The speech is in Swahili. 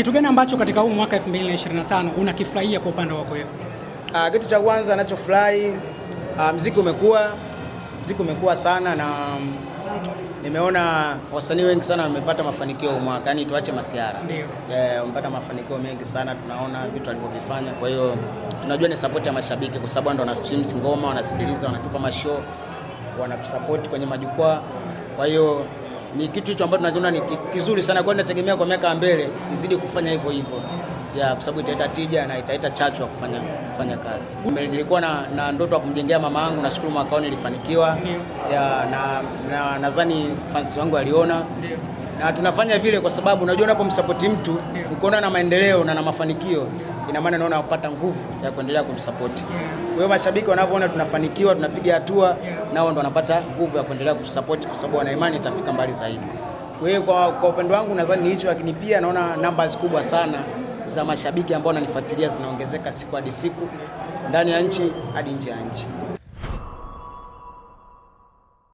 Kitu gani ambacho katika huu mwaka 2025 unakifurahia kwa upande wako wewe? Ah, kitu cha kwanza ninachofurahi ah, mziki umekuwa mziki umekuwa sana na mm, nimeona wasanii wengi sana wamepata mafanikio mwaka, yani tuache masiara, eh, wamepata yeah, mafanikio mengi sana, tunaona vitu alivyovifanya. Kwa hiyo tunajua ni support ya mashabiki, kwa sababu ndo wana streams ngoma, wanasikiliza, wanatupa mashow, wanatusupport kwenye majukwaa, kwa hiyo ni kitu hicho ambacho tunakiona ni kizuri sana, kwa nategemea kwa miaka ya mbele izidi kufanya hivyo hivyo ya kwa sababu italeta tija na italeta chachu ya kufanya kufanya kazi. Nilikuwa na, na ndoto ya kumjengea mama yangu, nashukuru mwaka huu nilifanikiwa, na nadhani na, fans wangu aliona na tunafanya vile kwa sababu unajua unapomsapoti mtu ukiona na maendeleo na na mafanikio, ina maana naona unapata nguvu ya kuendelea kumsapoti. Kwa hiyo mashabiki wanavyoona tunafanikiwa, tunapiga hatua nao ndo wanapata nguvu ya kuendelea kusupport kwa sababu wana imani itafika mbali zaidi. Kwa hiyo kwa, kwa upande wangu nadhani hicho, lakini pia naona numbers kubwa sana za mashabiki ambao wananifuatilia zinaongezeka siku hadi siku ndani ya nchi hadi nje ya nchi.